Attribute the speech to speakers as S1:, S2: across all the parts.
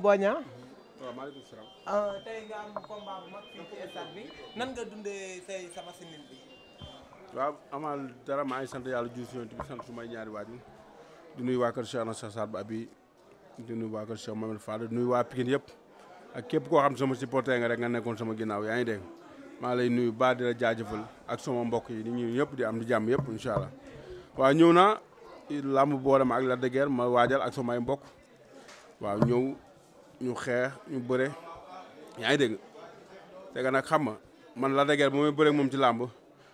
S1: Boña. waaw maaleykum salaam. Euh, tey nga am combat bu mag nga dundee say sama sinil bi. waaw amal dara maa ngi sant yàlla jur si yonent bi sant sumay ñaari waajur di nuy waa kër Cheikh na Cheikh Sadou Abi di nuyu waa kër Cheikh yëpp ak képp koo xam sama supporter nga rek nga nekkoon sama ginnaaw yaa ngi dégg maa lay nuyu ba di la jaajëfal ak sama mbokk yi di ñuy yëpp di am di jàmm yëpp incha allah waaw ñëw naa làmb boole ma ak Lac de ma waajal ak samay mbokk waaw ñu xeex ñu bëre yaa ngi dégg tega nag xam ma man la dëgër moom may bëre moom ci làmb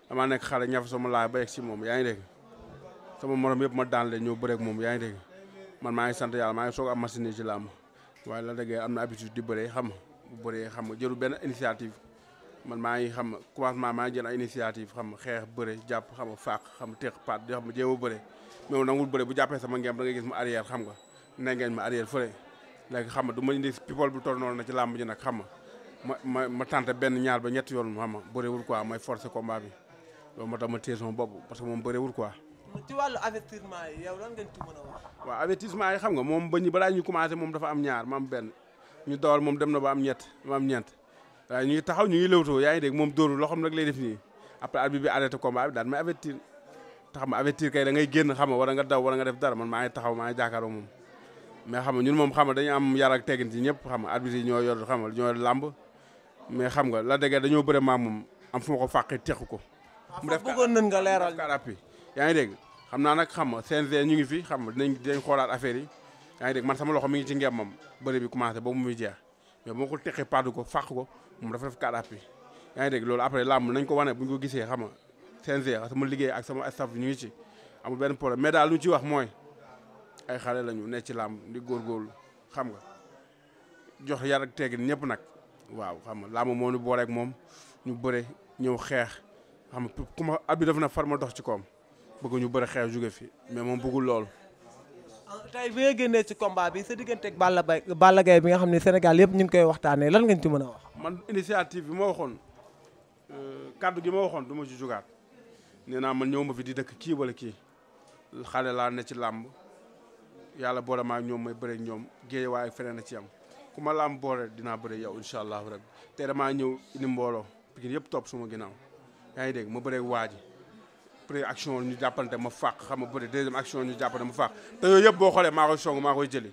S1: damaa nekk xale ñafa sama laay ba yegg si moom yaa ngi dégg sama morom yëpp ma daan leen ñoo bëreeg moom yaa ngi dégg man maa ngi sant yàlla maa ngi soog am machine làmb waaye la dëgër am na habitude di bëree xam bu bëree xam nga jëlu benn initiative man maa ngi xam commencement maa jël ay initiative xam xeex bëre jàpp xam nga faaq xam teex paat di xam jéem a bëre mais nangul bëre bu jàppee sama ngem da ngay gis ma arrière xam nga ne ma arrière fële léegi xam du ma indi people bu toll la na ci làmb nag xam nga ma ma ma tenté benn ñaar ba ñetti yoon xam nga bëriwul quoi may forcer combat bi loolu moo tax ma que moom bëriwul quoi. ci wàllu avertissement yi yow lan yi xam nga moom ba balaa ñu commencé moom dafa am ñaar ma am benn ñu dawal moom dem na ba am ñett ma am ñeent waaye ñu ngi taxaw yaa ngi moom dóorul loxoom rek lay def nii après arbitre bi arrêté combat bi daal may avertir te xam nga avertir kay da ngay génn xam nga war nga daw war nga def dara man maa ngi taxaw maa ngi jàkkaaroo moom mais xam nga ñun moom xam nga dañu am yar ak teggin ci ñëpp xam nga arbitre yi ñoo yor xam nga ñoo làmb mais xam nga la dégg dañoo bëre maam moom am fu ma ko fàqee teq ko. Ah, mu def bëggoon nañ nga leeral karapi yaa ngi dégg xam naa nag xam nga CNG ñu ngi fi xam nga dinañ dinañ xoolaat affaire yi yaa ngi sama loxo mi ngi ci ngemmam bëre bi commencé ba mu muy jeex mais bu ma ko ko fàq ko moom dafa def karapi loolu après làmb nañ ko wane bu ñu ko gisee xam nga CNG sama liggéey ak sama staff ñu ngi ci amul benn problème mais daal lu ñu ci wax mooy ay xale lañu ne ci làmb góor góorlu xam nga jox yar ak teggin ñëpp nag waaw xam nga làmb moo ñu booleeg moom ñu bëre ñëw xeex xam nga ku ma ab def na far ma dox ci koom bëgg ñu bëre xeex jóge fi mais moom bëggul loolu. tey bi nga génnee ci combat bi sa digganteeg Balla ba Balla Gaye bi nga xam ne Sénégal yëpp ñu ngi koy waxtaanee lan ngañ ci mën a wax. man initiative bi ma waxoon euh, kaddu gi ma waxoon du ma ci jugaat nee naa man ñëw ma fi di dëkk kii wala kii xale laa ne ci làmb. yàlla boole maa ñoom may bëre ñoom géej waaye feneen a ci am ku ma laam boole dinaa bëre yow incha allahu rabbi te damaa ñëw indi mbooloo Pikine yëpp topp suma ginaaw yaa ngi dégg ma bëre waa ji première ñu jàppante ma fàq xam nga bëre deuxième action ñu jàppante ma fàq te yooyu yëpp xoolee maa koy maa koy jëli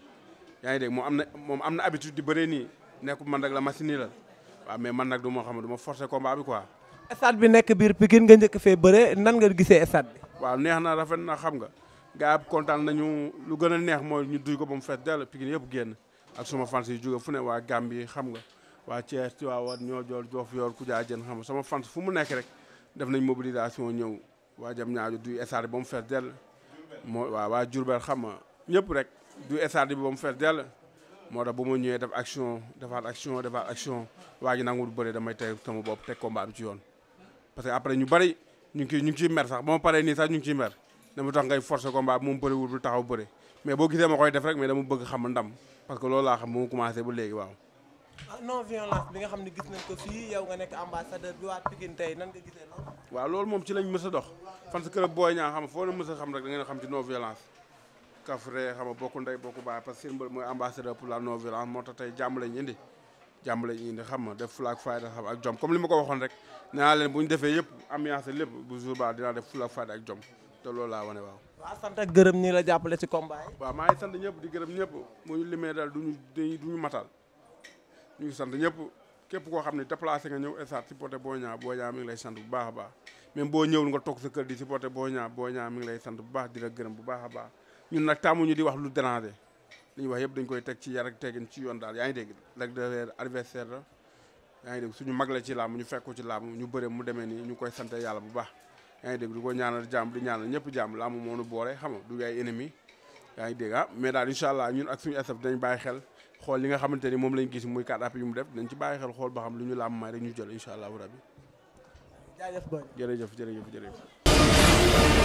S1: yaa ngi dégg moom am na moom am na habitude di bëre nii nekkul man rek la machine nii la waaw mais man nag du moo xam du ma forcer combat bi quoi. stade bi nekk biir Pikine nga njëkk fee bëre nan nga gisee stade bi. waaw neex na rafet na xam nga gaa yëpp kontaan nañu lu gën a neex mooy ñu duy ko ba mu fees dell Pikine yëpp génn ak suma fans yu jóge fu ne waa Gambie xam nga waa Thiès Tivaouane ñoo jool joof yoor ku jaa jën xam nga sama fans fu mu nekk rek def nañ mobilisation ñëw waa jam ñaajo duy estade bi ba mu fees dell moo waaw waa Diourbel xam nga ñëpp rek duy estade bi ba mu fees dell moo tax bu ma ñëwee def action defaat action defaat action waa ji nanguwul bëre damay teg sama bopp teg combat bi ci yoon parce que après ñu bari ñu ngi ñu ngi ciy mer sax ba ma paree sax ñu ngi ciy mer dama tax ngay forcer combat bi moom bëriwul du taxaw bëri mais boo gisee ma koy def rek mais dama bëgg xam ndam parce que loolu laa xam moo commencé ba léegi waaw. Ah, non violence bi nga xam ne gis nañ ko fii yow nga nekk ambassadeur bi waa Pikine tey nan nga gisee loolu. waaw loolu moom ci lañ mës a dox fan sa kër booy ñaa xam foo na mës a xam rek da ngeen xam ci non violence. kafre xam nga bokku ndey bokku baay parce que seen mbër mooy ambassadeur pour la non violence moo tax tey jàmm lañ indi jàmm lañ indi xam nga def flag fayda xam ak jom comme li ma ko waxoon rek nee naa leen bu ñu defee yëpp ambiance lépp bu jour ba dinaa def flag fayda ak jom te loolu laa wane waaw. waaw sant gërëm nii la jàppale ci combat yi. waaw maa ngi ñëpp di gërëm ñëpp mu ñu limee daal du ñu du ñu matal ñu ngi sant ñëpp képp koo xam ne déplacé nga ñëw stade supporter boo Niang boo Niang mi ngi lay sant bu baax a baax même boo ñëwul nga toog sa kër di supporter Boy Niang Boy Niang mi ngi lay sant bu baax di la gërëm bu baax a baax ñun nag tàmmuñu di wax lu déranger li ñuy wax yëpp dañ koy teg ci yar ak teggin ci yoon daal yaa ngi dégg rek de la yaa ngi dégg suñu mag la ci làmb ñu fekk ci làmb ñu bëre mu demee nii ñu koy sant yàlla bu baax yaa ngi dégg ko ñaanal jàmm di ñaanal ñëpp jàmm làmb moo nu boole xam du ay ennemi yaa ngi dégg ah mais daal incha allah ñun ak suñu staff dañ bàyyi xel xool li nga xamante ni moom lañ gis muy quatre appuis yu mu def dañ ci bàyyi xel xool ba xam lu ñu làmb may rek ñu jël incha allahu rabbi jaajëf jërëjëf jërëjëf jërëjëf